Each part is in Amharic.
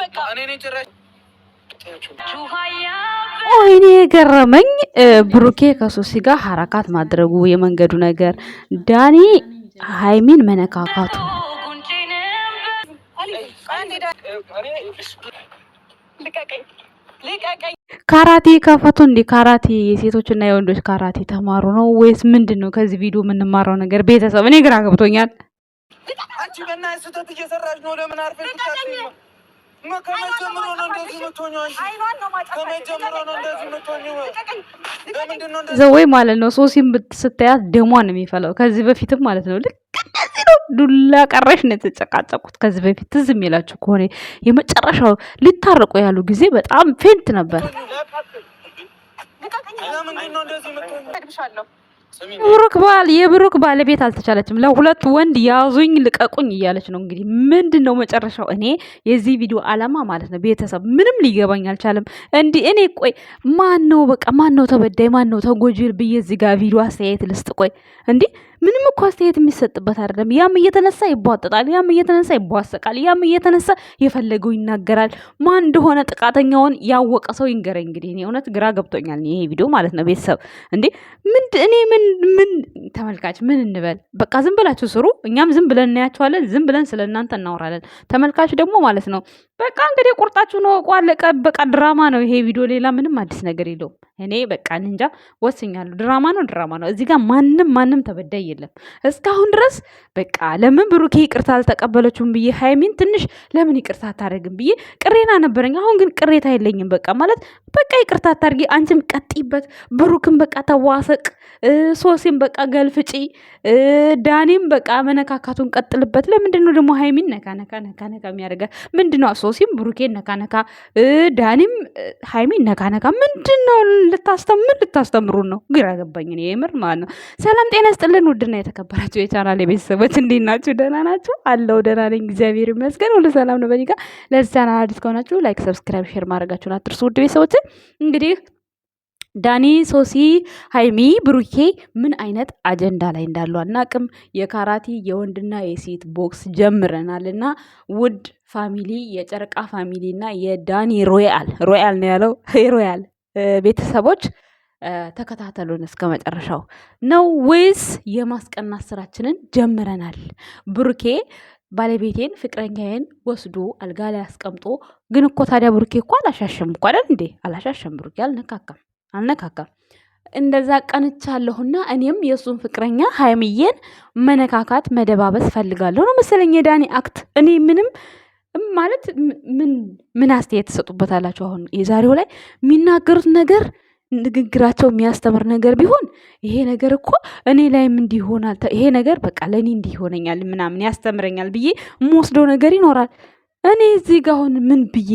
በቃ ወይኔ የገረመኝ ብሩኬ ከሶሲ ጋር ሀረካት ማድረጉ የመንገዱ ነገር ዳኒ ሀይሚን መነካካቱ ካራቴ ከፈቱ እንዲ ካራቴ የሴቶችና የወንዶች ካራቴ ተማሩ ነው ወይስ ምንድን ነው? ከዚህ ቪዲዮ የምንማረው ነገር ቤተሰብ እኔ ግራ ገብቶኛል። አንቺ በእናትሽ ስህተት እየሰራሽ ነው። ለምን አርፈሽ ከመጀመሪያው ነው እንደዚህ የምትሆኚው? ከመጀመሪያው ነው እንደዚህ የምትሆኚው? ለምንድን ነው እንደዚህ ዘወይ ማለት ነው። ሶሲም ስታያት ደሟ ነው የሚፈለው። ከዚህ በፊትም ማለት ነው ልክ ነው። ዱላ ቀረሽ ነው የተጨቃጨቁት። ከዚህ በፊት ትዝ የሚላችሁ ከሆነ የመጨረሻው ሊታረቁ ያሉ ጊዜ በጣም ፌንት ነበር። ብሩክ ባል የብሩክ ባለቤት አልተቻለችም። ለሁለት ወንድ ያዙኝ ልቀቁኝ እያለች ነው። እንግዲህ ምንድን ነው መጨረሻው? እኔ የዚህ ቪዲዮ አላማ ማለት ነው ቤተሰብ ምንም ሊገባኝ አልቻለም። እንዲህ እኔ ቆይ ማን ነው በቃ ማን ነው ተበዳይ ማን ነው ተጎጂ ብዬ እዚህ ጋር ቪዲዮ አስተያየት ልስጥ? ቆይ እንዲህ ምንም እኮ አስተያየት የሚሰጥበት አይደለም። ያም እየተነሳ ይቧጠጣል፣ ያም እየተነሳ ይቧሰቃል፣ ያም እየተነሳ የፈለገው ይናገራል። ማን እንደሆነ ጥቃተኛውን ያወቀ ሰው ይንገረኝ። እንግዲህ እኔ እውነት ግራ ገብቶኛል ይሄ ቪዲዮ ማለት ነው ቤተሰብ እንዴ ምንድ እኔ ምን ምን ምን ተመልካች ምን እንበል? በቃ ዝም ብላችሁ ስሩ፣ እኛም ዝም ብለን እናያችኋለን፣ ዝም ብለን ስለ እናንተ እናወራለን። ተመልካች ደግሞ ማለት ነው በቃ እንግዲህ ቁርጣችሁ ነው ቋለቀ። በቃ ድራማ ነው ይሄ ቪዲዮ፣ ሌላ ምንም አዲስ ነገር የለውም። እኔ በቃ እንጃ ወስኛለሁ። ድራማ ነው፣ ድራማ ነው። እዚህ ጋር ማንም ማንም ተበዳይ የለም እስካሁን ድረስ። በቃ ለምን ብሩኬ ይቅርታ አልተቀበለችውም ብዬ ሀይሚን ትንሽ ለምን ይቅርታ አታደርግም ብዬ ቅሬና ነበረኝ። አሁን ግን ቅሬታ የለኝም። በቃ ማለት በቃ ይቅርታ አታድርጊ፣ አንቺም ቀጥይበት። ብሩክን በቃ ተዋሰቅ ሶሲም በቃ ገልፍጪ፣ ዳኒም በቃ መነካካቱን ቀጥልበት። ለምንድን ነው ደግሞ ሀይሚን ነካ ነካ ነካ ነካ የሚያደርጋት? ምንድን ነው ሶሲም ብሩኬን ነካ ነካ፣ ዳኒም ሀይሚን ነካ ነካ። ምንድን ነው ልታስተምር ልታስተምሩን ነው? ግራ ገባኝ የምር ማለት ነው። ሰላም ጤና ስጥልን ውድና የተከበራችሁ የቻናል የቤተሰቦች እንዴት ናችሁ? ደህና ናችሁ? አለው ደህና ነኝ እግዚአብሔር ይመስገን፣ ሁሉ ሰላም ነው በኒጋ። ጋር። ለዚህ ቻናል አዲስ ከሆናችሁ ላይክ፣ ሰብስክራይብ፣ ሼር ማድረጋችሁን አትርሱ። ውድ ቤተሰቦችን እንግዲህ ዳኒ ሶሲ ሀይሚ ብሩኬ ምን አይነት አጀንዳ ላይ እንዳሉ አናቅም። የካራቲ የወንድና የሴት ቦክስ ጀምረናል እና ውድ ፋሚሊ የጨረቃ ፋሚሊ እና የዳኒ ሮያል ሮያል ነው ያለው ሮያል ቤተሰቦች ተከታተሉን እስከ መጨረሻው ነው ወይስ የማስቀናት ስራችንን ጀምረናል? ብሩኬ ባለቤቴን ፍቅረኛዬን ወስዶ አልጋ ላይ አስቀምጦ ግን እኮ ታዲያ ብሩኬ እኮ አላሻሸም እኮ አይደል እንዴ? አላሻሸም ብሩኬ አልነካካም። አልነካካም። እንደዛ ቀንቻለሁና እኔም የእሱን ፍቅረኛ ሀይምዬን መነካካት መደባበስ ፈልጋለሁ ነው መሰለኝ የዳኒ አክት። እኔ ምንም ማለት ምን ምን አስተያየት ትሰጡበታላችሁ? አሁን የዛሬው ላይ የሚናገሩት ነገር ንግግራቸው የሚያስተምር ነገር ቢሆን ይሄ ነገር እኮ እኔ ላይም እንዲሆናል ይሄ ነገር በቃ ለእኔ እንዲሆነኛል ምናምን ያስተምረኛል ብዬ የምወስደው ነገር ይኖራል። እኔ እዚህ ጋር አሁን ምን ብዬ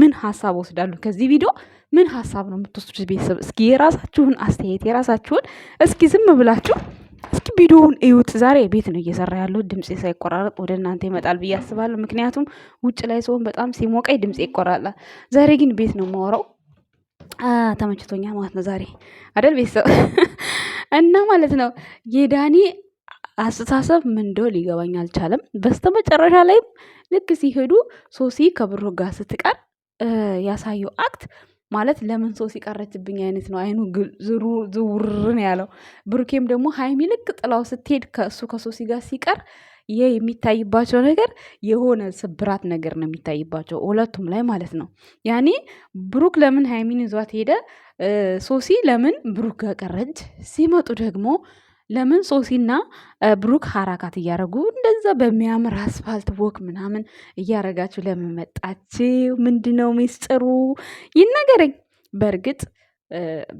ምን ሀሳብ ወስዳሉ ከዚህ ቪዲዮ ምን ሀሳብ ነው የምትወስዱት? ቤተሰብ እስኪ የራሳችሁን አስተያየት የራሳችሁን እስኪ ዝም ብላችሁ እስኪ ቪዲዮውን እዩት። ዛሬ ቤት ነው እየሰራ ያለው። ድምፄ ሳይቆራረጥ ወደ እናንተ ይመጣል ብዬ አስባለሁ። ምክንያቱም ውጭ ላይ ሰውን በጣም ሲሞቀኝ ድምፄ ይቆራላል። ዛሬ ግን ቤት ነው የማወራው። ተመችቶኛል ማለት ነው ዛሬ አደል ቤተሰብ እና ማለት ነው የዳኒ አስተሳሰብ ምን እንደሆነ ሊገባኝ አልቻለም። በስተመጨረሻ ላይም ልክ ሲሄዱ ሶሲ ከብሩ ጋር ስትቀር ያሳየው አክት ማለት ለምን ሶሲ ቀረችብኝ አይነት ነው። አይኑ ዝውርን ያለው ብሩኬም ደግሞ ሀይሚ ልክ ጥላው ስትሄድ ከእሱ ከሶሲ ጋር ሲቀር ይህ የሚታይባቸው ነገር የሆነ ስብራት ነገር ነው የሚታይባቸው ሁለቱም ላይ ማለት ነው። ያኔ ብሩክ ለምን ሀይሚን ይዟት ሄደ፣ ሶሲ ለምን ብሩክ ጋር ቀረች? ሲመጡ ደግሞ ለምን ሶሲና ብሩክ ሀራካት እያደረጉ እንደዛ በሚያምር አስፋልት ወክ ምናምን እያደረጋችሁ ለምን መጣችሁ? ምንድነው ሚስጥሩ? ይነገረኝ። በእርግጥ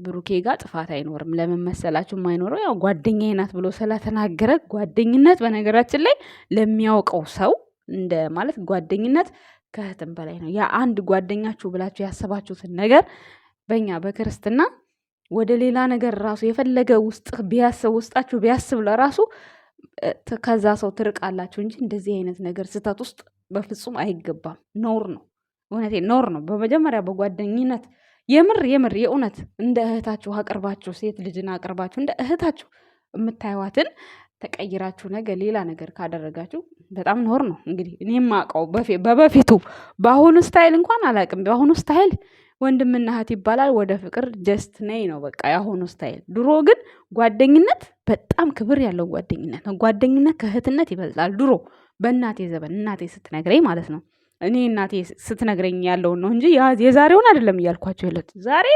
ብሩኬ ጋር ጥፋት አይኖርም። ለምን መሰላችሁ? የማይኖረው ያው ጓደኛዬ ናት ብሎ ስለተናገረ ጓደኝነት፣ በነገራችን ላይ ለሚያውቀው ሰው እንደ ማለት ጓደኝነት ከህትም በላይ ነው። ያ አንድ ጓደኛችሁ ብላችሁ ያሰባችሁትን ነገር በእኛ በክርስትና ወደ ሌላ ነገር ራሱ የፈለገ ውስጥ ቢያስብ ውስጣችሁ ቢያስብ ለራሱ ከዛ ሰው ትርቃላችሁ እንጂ እንደዚህ አይነት ነገር ስህተት ውስጥ በፍጹም አይገባም። ኖር ነው። እውነቴ ኖር ነው። በመጀመሪያ በጓደኝነት የምር የምር የእውነት እንደ እህታችሁ አቅርባችሁ ሴት ልጅን አቅርባችሁ እንደ እህታችሁ የምታይዋትን ተቀይራችሁ ነገር ሌላ ነገር ካደረጋችሁ በጣም ኖር ነው። እንግዲህ እኔም አውቀው በበፊቱ በአሁኑ ስታይል እንኳን አላውቅም። በአሁኑ ስታይል ወንድምና እህት ይባላል። ወደ ፍቅር ጀስት ነይ ነው በቃ የአሁኑ ስታይል። ድሮ ግን ጓደኝነት በጣም ክብር ያለው ጓደኝነት ነው። ጓደኝነት ከእህትነት ይበልጣል። ድሮ በእናቴ ዘመን እናቴ ስትነግረኝ ማለት ነው እኔ እናቴ ስትነግረኝ ያለውን ነው እንጂ የዛሬውን አይደለም እያልኳቸው የለት ዛሬ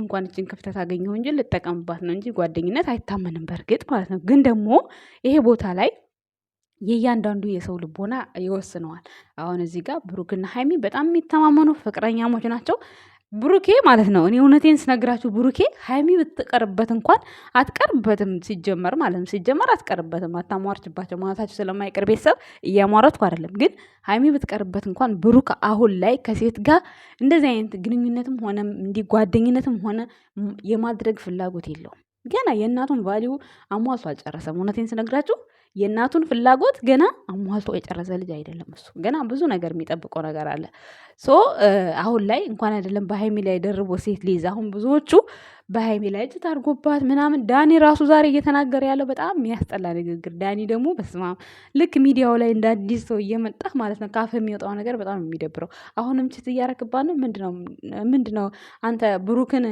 እንኳን እችን ክፍተት አገኘሁ እንጂ ልጠቀምባት ነው እንጂ ጓደኝነት አይታመንም በእርግጥ ማለት ነው። ግን ደግሞ ይሄ ቦታ ላይ የእያንዳንዱ የሰው ልቦና ይወስነዋል። አሁን እዚህ ጋር ብሩክና ሀይሚ በጣም የሚተማመኑ ፍቅረኛሞች ናቸው። ብሩኬ ማለት ነው እኔ እውነቴን ስነግራችሁ ብሩኬ ሀይሚ ብትቀርበት እንኳን አትቀርበትም። ሲጀመር ማለት ነው ሲጀመር አትቀርበትም። አታሟርችባቸው ማለታቸው ስለማይቀር ቤተሰብ እያሟረትኩ አይደለም፣ ግን ሀይሚ ብትቀርበት እንኳን ብሩክ አሁን ላይ ከሴት ጋር እንደዚህ አይነት ግንኙነትም ሆነ እንዲ ጓደኝነትም ሆነ የማድረግ ፍላጎት የለውም። ገና የእናቱን ቫሊዩ አሟሱ አልጨረሰም። እውነቴን ስነግራችሁ የእናቱን ፍላጎት ገና አሟልቶ የጨረሰ ልጅ አይደለም። እሱ ገና ብዙ ነገር የሚጠብቀው ነገር አለ። ሶ አሁን ላይ እንኳን አይደለም በሀይሚ ላይ ደርቦ ሴት ሊይዝ አሁን ብዙዎቹ በሀይሜ ላይ ጭት አድርጎባት ምናምን ዳኒ ራሱ ዛሬ እየተናገረ ያለው በጣም የሚያስጠላ ንግግር። ዳኒ ደግሞ በስማ ልክ ሚዲያው ላይ እንደ አዲስ ሰው እየመጣ ማለት ነው ካፍ የሚወጣው ነገር በጣም የሚደብረው። አሁንም ችት እያረክባት ነው። ምንድ ነው አንተ ብሩክን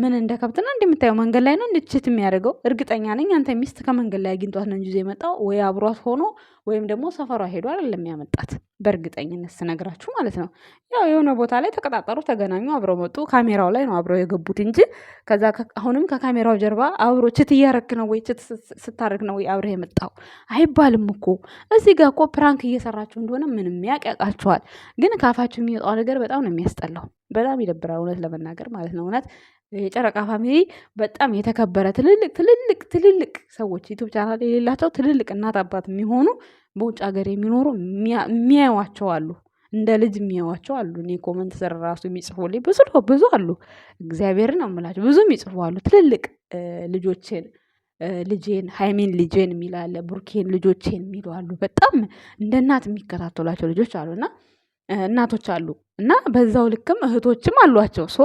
ምን እንደ ከብትና እንደ የምታየው መንገድ ላይ ነው ችት የሚያደርገው። እርግጠኛ ነኝ አንተ ሚስት ከመንገድ ላይ አግኝቷት ነው እንጂ የመጣው ወይ አብሯት ሆኖ ወይም ደግሞ ሰፈሯ ሄዶ አይደለም ያመጣት። በእርግጠኝነት ስነግራችሁ ማለት ነው። ያው የሆነ ቦታ ላይ ተቀጣጠሩ፣ ተገናኙ፣ አብረው መጡ። ካሜራው ላይ ነው አብረው የገቡት እንጂ ከዛ አሁንም ከካሜራው ጀርባ አብሮ ችት እያረክ ነው ወይ ችት ስታደርግ ነው ወይ አብረ የመጣው አይባልም እኮ። እዚህ ጋር እኮ ፕራንክ እየሰራችሁ እንደሆነ ምንም ያቅ ያውቃችኋል። ግን ካፋችሁ የሚወጣው ነገር በጣም ነው የሚያስጠላው። በጣም ይደብራል፣ እውነት ለመናገር ማለት ነው። እውነት የጨረቃ ፋሚሊ በጣም የተከበረ ትልልቅ ትልልቅ ትልልቅ ሰዎች ዩቱብ ቻናል የሌላቸው ትልልቅ እናት አባት የሚሆኑ በውጭ ሀገር የሚኖሩ የሚያዩዋቸው አሉ። እንደ ልጅ የሚያዋቸው አሉ። እኔ ኮመንት ስር ራሱ የሚጽፉልኝ ብዙ ብዙ አሉ። እግዚአብሔርን አምላቸው ብዙ የሚጽፉ አሉ። ትልልቅ ልጆችን ልጄን ሀይሜን ልጄን የሚላለ ቡርኬን ልጆቼን የሚሉ አሉ። በጣም እንደ እናት የሚከታተሏቸው ልጆች አሉና እናቶች አሉ። እና በዛው ልክም እህቶችም አሏቸው። ሶ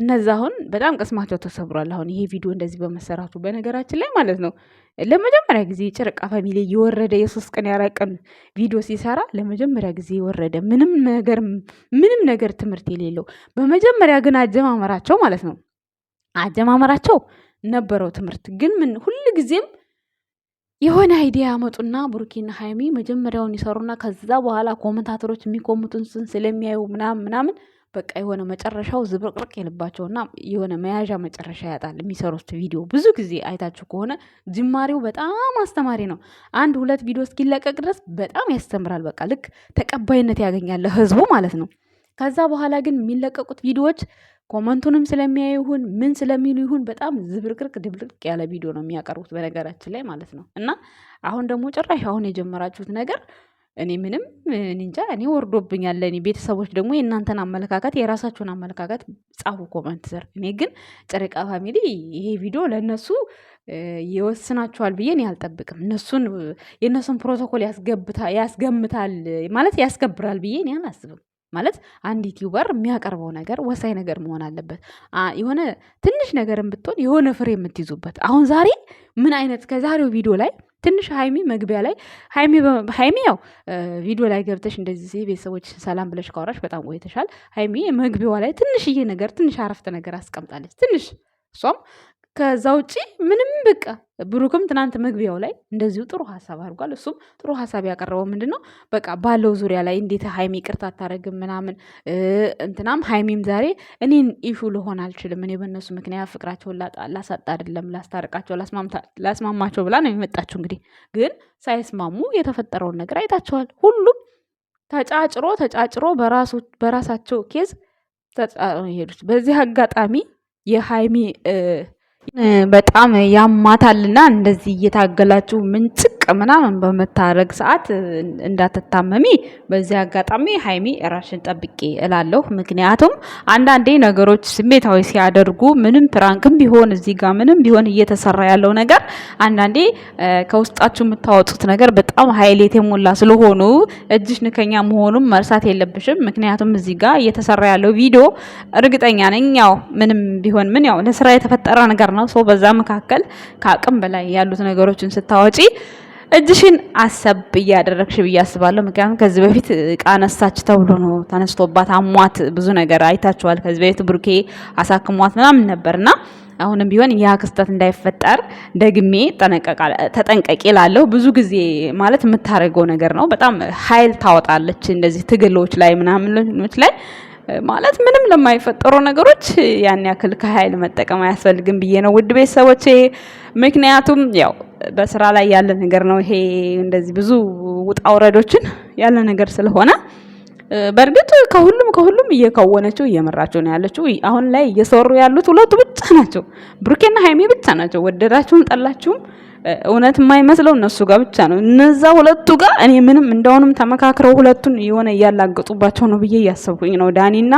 እነዛ አሁን በጣም ቅስማቸው ተሰብሯል። አሁን ይሄ ቪዲዮ እንደዚህ በመሰራቱ በነገራችን ላይ ማለት ነው ለመጀመሪያ ጊዜ ጨረቃ ፋሚሊ የወረደ የሶስት ቀን ያራቀን ቪዲዮ ሲሰራ ለመጀመሪያ ጊዜ የወረደ ምንም ነገር ምንም ነገር ትምህርት የሌለው በመጀመሪያ ግን አጀማመራቸው ማለት ነው አጀማመራቸው ነበረው ትምህርት ግን ምን ጊዜም የሆነ አይዲያ ያመጡና ብሩኪና ሀይሚ መጀመሪያውን ይሰሩና ከዛ በኋላ ኮመንታተሮች የሚኮሙቱትን ስለሚያዩ ምናምን ምናምን በቃ የሆነ መጨረሻው ዝብርቅርቅ የልባቸውና የሆነ መያዣ መጨረሻ ያጣል። የሚሰሩት ቪዲዮ ብዙ ጊዜ አይታችሁ ከሆነ ጅማሬው በጣም አስተማሪ ነው። አንድ ሁለት ቪዲዮ እስኪለቀቅ ድረስ በጣም ያስተምራል። በቃ ልክ ተቀባይነት ያገኛለ ህዝቡ ማለት ነው። ከዛ በኋላ ግን የሚለቀቁት ቪዲዮዎች ኮመንቱንም ስለሚያዩ ይሁን ምን ስለሚሉ ይሁን በጣም ዝብርቅርቅ ድብልቅ ያለ ቪዲዮ ነው የሚያቀርቡት በነገራችን ላይ ማለት ነው። እና አሁን ደግሞ ጭራሽ አሁን የጀመራችሁት ነገር እኔ ምንም እንጃ እኔ ወርዶብኛል። ለእኔ ቤተሰቦች ደግሞ የእናንተን አመለካከት የራሳችሁን አመለካከት ጻፉ ኮመንት ስር። እኔ ግን ጨረቃ ፋሚሊ ይሄ ቪዲዮ ለእነሱ ይወስናቸዋል ብዬ እኔ አልጠብቅም። እነሱን የእነሱን ፕሮቶኮል ያስገምታል ማለት ያስከብራል ብዬ እኔ አላስብም። ማለት አንድ ዩቲዩበር የሚያቀርበው ነገር ወሳኝ ነገር መሆን አለበት። የሆነ ትንሽ ነገርም ብትሆን የሆነ ፍሬ የምትይዙበት። አሁን ዛሬ ምን አይነት ከዛሬው ቪዲዮ ላይ ትንሽ ሀይሚ መግቢያ ላይ ሀይሚ ያው ቪዲዮ ላይ ገብተሽ እንደዚህ ቤተሰቦች ሰላም ብለሽ ካወራሽ በጣም ቆይተሻል። ሀይሚ መግቢያዋ ላይ ትንሽዬ ነገር ትንሽ አረፍተ ነገር አስቀምጣለች። ትንሽ እሷም ከዛ ውጪ ምንም በቃ ብሩክም ትናንት መግቢያው ላይ እንደዚሁ ጥሩ ሀሳብ አድርጓል። እሱም ጥሩ ሀሳብ ያቀረበው ምንድን ነው በቃ ባለው ዙሪያ ላይ እንዴት ሀይሚ ቅርት አታደርግም ምናምን እንትናም ሀይሚም ዛሬ እኔን ኢሹ ልሆን አልችልም፣ እኔ በእነሱ ምክንያት ፍቅራቸውን ላሳጣ አይደለም ላስታርቃቸው፣ ላስማማቸው ብላ ነው የመጣችው። እንግዲህ ግን ሳይስማሙ የተፈጠረውን ነገር አይታቸዋል። ሁሉም ተጫጭሮ ተጫጭሮ በራሳቸው ኬዝ ሄዱ በዚህ አጋጣሚ የሀይሚ በጣም ያማታልና እንደዚህ እየታገላችሁ ምንጭ ምናምን በምታረግ ሰዓት እንዳትታመሚ በዚህ አጋጣሚ ሀይሚ ራሽን ጠብቄ እላለሁ። ምክንያቱም አንዳንዴ ነገሮች ስሜታዊ ሲያደርጉ ምንም ፕራንክም ቢሆን እዚህ ጋር ምንም ቢሆን እየተሰራ ያለው ነገር አንዳንዴ ከውስጣችሁ የምታወጡት ነገር በጣም ሀይል የተሞላ ስለሆኑ እጅሽ ንከኛ መሆኑም መርሳት የለብሽም። ምክንያቱም እዚህ ጋር እየተሰራ ያለው ቪዲዮ እርግጠኛ ነኝ ያው ምንም ቢሆን ምን ያው ለስራ የተፈጠረ ነገር ነው። ሰው በዛ መካከል ከአቅም በላይ ያሉት ነገሮችን ስታወጪ እጅሽን አሰብ እያደረግሽ ብዬ አስባለሁ። ምክንያቱም ከዚህ በፊት እቃ ነሳች ተብሎ ነው ተነስቶባት አሟት ብዙ ነገር አይታችኋል። ከዚህ በፊት ብሩኬ አሳክሟት ምናምን ነበርና አሁንም ቢሆን ያ ክስተት እንዳይፈጠር ደግሜ ተጠንቀቂ ላለሁ። ብዙ ጊዜ ማለት የምታደርገው ነገር ነው። በጣም ኃይል ታወጣለች እንደዚህ ትግሎች ላይ ምናምኖች ላይ ማለት ምንም ለማይፈጠሩ ነገሮች ያን ያክል ከኃይል መጠቀም አያስፈልግም ብዬ ነው ውድ ቤተሰቦቼ። ምክንያቱም ያው በስራ ላይ ያለ ነገር ነው። ይሄ እንደዚህ ብዙ ውጣ ውረዶችን ያለ ነገር ስለሆነ በእርግጥ ከሁሉም ከሁሉም እየከወነችው እየመራቸው ነው ያለችው። አሁን ላይ እየሰሩ ያሉት ሁለቱ ብቻ ናቸው፣ ብሩኬና ሃይሜ ብቻ ናቸው። ወደዳችሁም ጠላችሁም እውነት የማይመስለው እነሱ ጋር ብቻ ነው። እነዛ ሁለቱ ጋር እኔ ምንም እንደውንም ተመካክረው ሁለቱን የሆነ እያላገጡባቸው ነው ብዬ እያሰብኩኝ ነው ዳኒና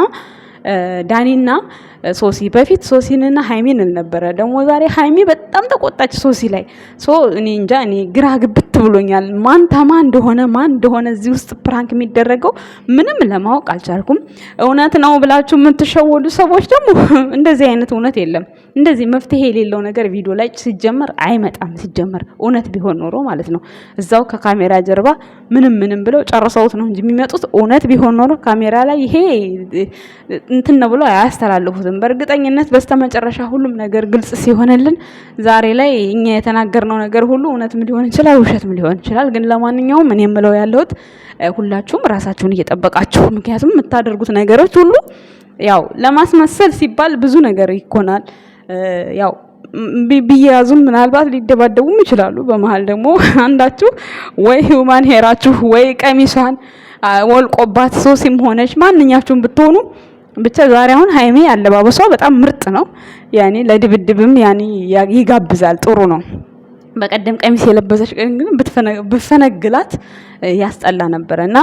ዳኒና ሶሲ በፊት ሶሲንና ሀይሚን ነበረ። ደግሞ ዛሬ ሀይሚ በጣም ተቆጣች ሶሲ ላይ። ሶ እኔ እንጃ እኔ ግራ ግብት ብሎኛል። ማን ተማ እንደሆነ ማን እንደሆነ እዚህ ውስጥ ፕራንክ የሚደረገው ምንም ለማወቅ አልቻልኩም። እውነት ነው ብላችሁ የምትሸወዱ ሰዎች ደግሞ እንደዚህ አይነት እውነት የለም። እንደዚህ መፍትሄ የሌለው ነገር ቪዲዮ ላይ ሲጀመር አይመጣም። ሲጀመር እውነት ቢሆን ኖሮ ማለት ነው እዛው ከካሜራ ጀርባ ምንም ምንም ብለው ጨርሰውት ነው እንጂ የሚመጡት። እውነት ቢሆን ኖሮ ካሜራ ላይ ይሄ እንትን ነው ብለው አያስተላልፉትም። በእርግጠኝነት በስተመጨረሻ ሁሉም ነገር ግልጽ ሲሆንልን ዛሬ ላይ እኛ የተናገርነው ነገር ሁሉ እውነትም ሊሆን ይችላል፣ ውሸትም ሊሆን ይችላል። ግን ለማንኛውም እኔ የምለው ያለሁት ሁላችሁም ራሳችሁን እየጠበቃችሁ ምክንያቱም የምታደርጉት ነገሮች ሁሉ ያው ለማስመሰል ሲባል ብዙ ነገር ይኮናል። ያው ቢያያዙም ምናልባት ሊደባደቡም ይችላሉ። በመሀል ደግሞ አንዳችሁ ወይ ሂውማን ሄራችሁ ወይ ቀሚሷን ወልቆባት ሶሲም ሆነች ማንኛችሁም ብትሆኑ ብቻ ዛሬ አሁን ሀይሜ አለባበሷ በጣም ምርጥ ነው። ያኔ ለድብድብም ያኔ ይጋብዛል። ጥሩ ነው። በቀደም ቀሚስ የለበሰች ግን ብፈነግላት ያስጠላ ነበረ እና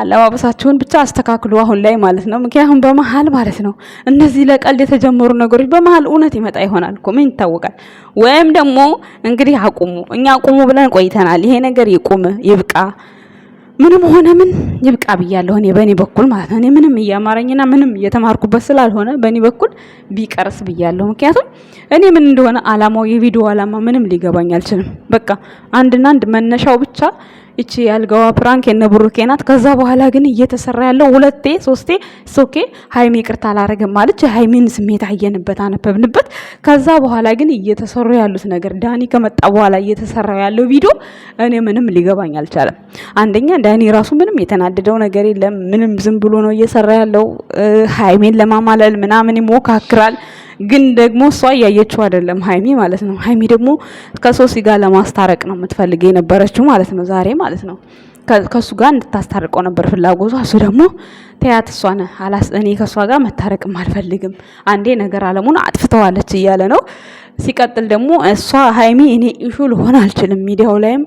አለባበሳችሁን ብቻ አስተካክሉ፣ አሁን ላይ ማለት ነው። ምክንያቱም በመሀል ማለት ነው እነዚህ ለቀልድ የተጀመሩ ነገሮች በመሀል እውነት ይመጣ ይሆናል እኮ ምን ይታወቃል። ወይም ደግሞ እንግዲህ አቁሙ፣ እኛ አቁሙ ብለን ቆይተናል። ይሄ ነገር ይቁም፣ ይብቃ ምንም ሆነ ምን ይብቃ ብያለሁ እኔ በእኔ በኩል ማለት ነው። እኔ ምንም እያማረኝና ምንም እየተማርኩበት ስላልሆነ በእኔ በኩል ቢቀርስ ብያለሁ። ምክንያቱም እኔ ምን እንደሆነ አላማው የቪዲዮ አላማ ምንም ሊገባኝ አልችልም። በቃ አንድና አንድ መነሻው ብቻ እቺ ያልጋዋ ፕራንክ የነ ብሩኬ ናት። ከዛ በኋላ ግን እየተሰራ ያለው ሁለቴ ሶስቴ ሶኬ ሀይሚ ቅርታ አላረግም ማለች። ሀይሚን ስሜት አየንበት፣ አነበብንበት። ከዛ በኋላ ግን እየተሰሩ ያሉት ነገር ዳኒ ከመጣ በኋላ እየተሰራ ያለው ቪዲዮ እኔ ምንም ሊገባኝ አልቻለም። አንደኛ ዳኒ ራሱ ምንም የተናደደው ነገር የለም። ምንም ዝም ብሎ ነው እየሰራ ያለው ሀይሜን ለማማለል ምናምን ይሞካክራል። ግን ደግሞ እሷ እያየችው አይደለም ሀይሚ ማለት ነው። ሀይሚ ደግሞ ከሶሲ ጋር ለማስታረቅ ነው የምትፈልግ የነበረችው ማለት ነው፣ ዛሬ ማለት ነው። ከሱ ጋር እንድታስታርቀው ነበር ፍላጎቷ። እሱ ደግሞ ተያት እሷ ነ አላስ እኔ ከእሷ ጋር መታረቅም አልፈልግም፣ አንዴ ነገር አለሙን አጥፍተዋለች እያለ ነው ሲቀጥል ደግሞ እሷ ሀይሚ እኔ ኢሹ ልሆን አልችልም። ሚዲያው ላይም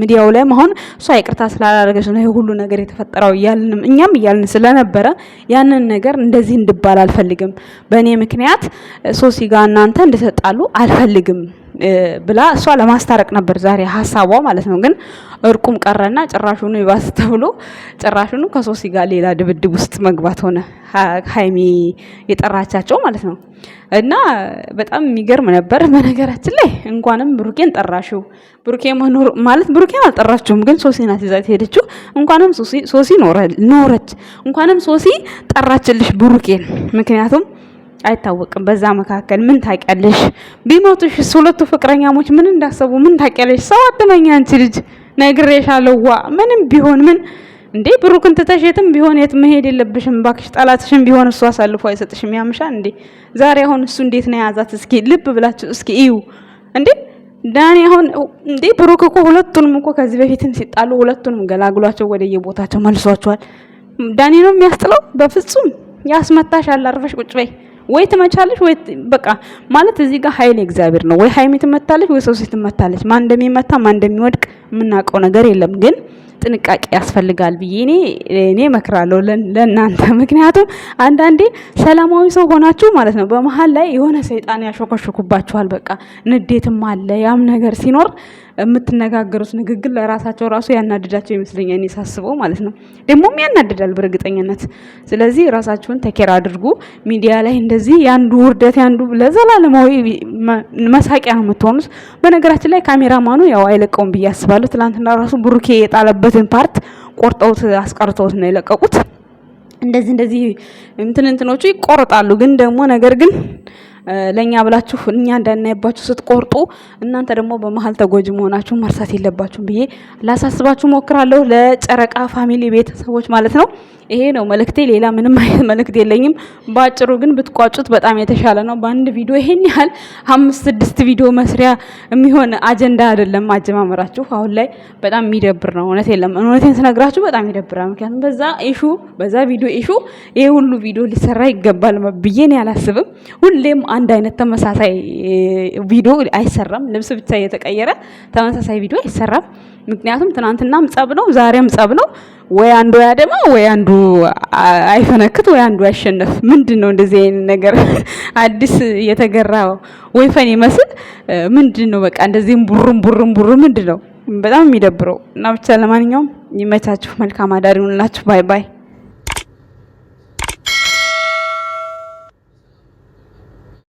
ሚዲያው ላይም አሁን እሷ ይቅርታ ስላላደረገች ነው ይሄ ሁሉ ነገር የተፈጠረው እያልንም እኛም እያልን ስለነበረ ያንን ነገር እንደዚህ እንድባል አልፈልግም። በእኔ ምክንያት ሶሲ ጋር እናንተ እንድትጣሉ አልፈልግም። ብላ እሷ ለማስታረቅ ነበር ዛሬ ሀሳቧ ማለት ነው። ግን እርቁም ቀረና ጭራሹኑ ይባስ ተብሎ ጭራሹኑ ከሶሲ ጋር ሌላ ድብድብ ውስጥ መግባት ሆነ። ሀይሚ የጠራቻቸው ማለት ነው። እና በጣም የሚገርም ነበር። በነገራችን ላይ እንኳንም ብሩኬን ጠራሽው ብሩኬ መኖር ማለት ብሩኬን አልጠራችሁም፣ ግን ሶሲ ናት ይዛት ሄደችው። እንኳንም ሶሲ ኖረች፣ እንኳንም ሶሲ ጠራችልሽ ብሩኬን ምክንያቱም አይታወቅም። በዛ መካከል ምን ታውቂያለሽ? ቢሞቱሽስ ሁለቱ ፍቅረኛሞች ምን እንዳሰቡ ምን ታውቂያለሽ? ሰው አትመኝ አንቺ ልጅ ነግሬሻለሁ። ዋ ምንም ቢሆን ምን እንዴ ብሩክን ትተሽ የትም ቢሆን የት መሄድ የለብሽም ባክሽ ጠላትሽም ቢሆን እሱ አሳልፎ አይሰጥሽም። ያምሻል እንዴ ዛሬ አሁን እሱ እንዴት ነው የያዛት? እስኪ ልብ ብላችሁ እስኪ እዩ እንዴ ዳኒ አሁን እንዴ ብሩክ እኮ ሁለቱንም እኮ ከዚህ በፊትም ሲጣሉ ሁለቱንም ገላግሏቸው ወደየቦታቸው መልሷቸዋል። ዳኒ ነው የሚያስጥለው? በፍጹም ያስመታሽ አርፈሽ ቁጭ በይ። ወይ ትመቻለች ወይ በቃ ማለት እዚህ ጋር ኃይል እግዚአብሔር ነው። ወይ ሀይሚ ትመታለች ወይ ሶስት ትመታለች። ማን እንደሚመታ ማን እንደሚወድቅ የምናውቀው ነገር የለም ግን ጥንቃቄ ያስፈልጋል ብዬ እኔ እኔ እመክራለሁ ለእናንተ። ምክንያቱም አንዳንዴ ሰላማዊ ሰው ሆናችሁ ማለት ነው በመሀል ላይ የሆነ ሰይጣን ያሾከሽኩባችኋል። በቃ ንዴትም አለ ያም ነገር ሲኖር የምትነጋገሩት ንግግር ለራሳቸው ራሱ ያናድዳቸው ይመስለኛል እኔ ሳስበው ማለት ነው። ደግሞም ያናድዳል በእርግጠኝነት። ስለዚህ ራሳችሁን ተኬር አድርጉ። ሚዲያ ላይ እንደዚህ የአንዱ ውርደት ያንዱ ለዘላለማዊ መሳቂያ ነው የምትሆኑት። በነገራችን ላይ ካሜራማኑ ያው አይለቀውም ብዬ አስባለሁ። ትላንትና ራሱ ብሩኬ የጣለበት ያለበትን ፓርት ቆርጠውት አስቀርተውት ነው የለቀቁት። እንደዚህ እንደዚህ እንትን እንትኖቹ ይቆርጣሉ ግን ደግሞ ነገር ግን ለእኛ ብላችሁ እኛ እንዳናይባችሁ ስትቆርጡ እናንተ ደግሞ በመሀል ተጎጂ መሆናችሁ መርሳት የለባችሁም ብዬ ላሳስባችሁ ሞክራለሁ። ለጨረቃ ፋሚሊ ቤተሰቦች ማለት ነው። ይሄ ነው መልእክቴ። ሌላ ምንም አይነት መልእክት የለኝም። በአጭሩ ግን ብትቋጩት በጣም የተሻለ ነው። በአንድ ቪዲዮ ይሄን ያህል አምስት ስድስት ቪዲዮ መስሪያ የሚሆን አጀንዳ አይደለም። አጀማመራችሁ አሁን ላይ በጣም የሚደብር ነው። እውነት የለም እውነቴን ስነግራችሁ በጣም ይደብራል። ምክንያቱም በዛ ኢሹ በዛ ቪዲዮ ኢሹ ይሄ ሁሉ ቪዲዮ ሊሰራ ይገባል ብዬ ነው ያላስብም ሁሌም አንድ አይነት ተመሳሳይ ቪዲዮ አይሰራም። ልብስ ብቻ እየተቀየረ ተመሳሳይ ቪዲዮ አይሰራም። ምክንያቱም ትናንትናም ጸብ ነው፣ ዛሬም ጸብ ነው። ወይ አንዱ ያደማ፣ ወይ አንዱ አይፈነክት፣ ወይ አንዱ ያሸነፍ ምንድን ነው እንደዚህ አይነት ነገር አዲስ ወይ ወይፈን ይመስል ምንድን ነው? በቃ እንደዚህም ቡርም ቡርም ቡር ምንድን ነው? በጣም የሚደብረው እና ብቻ ለማንኛውም ይመቻችሁ። መልካም አዳሪ ሁንላችሁ። ባይ ባይ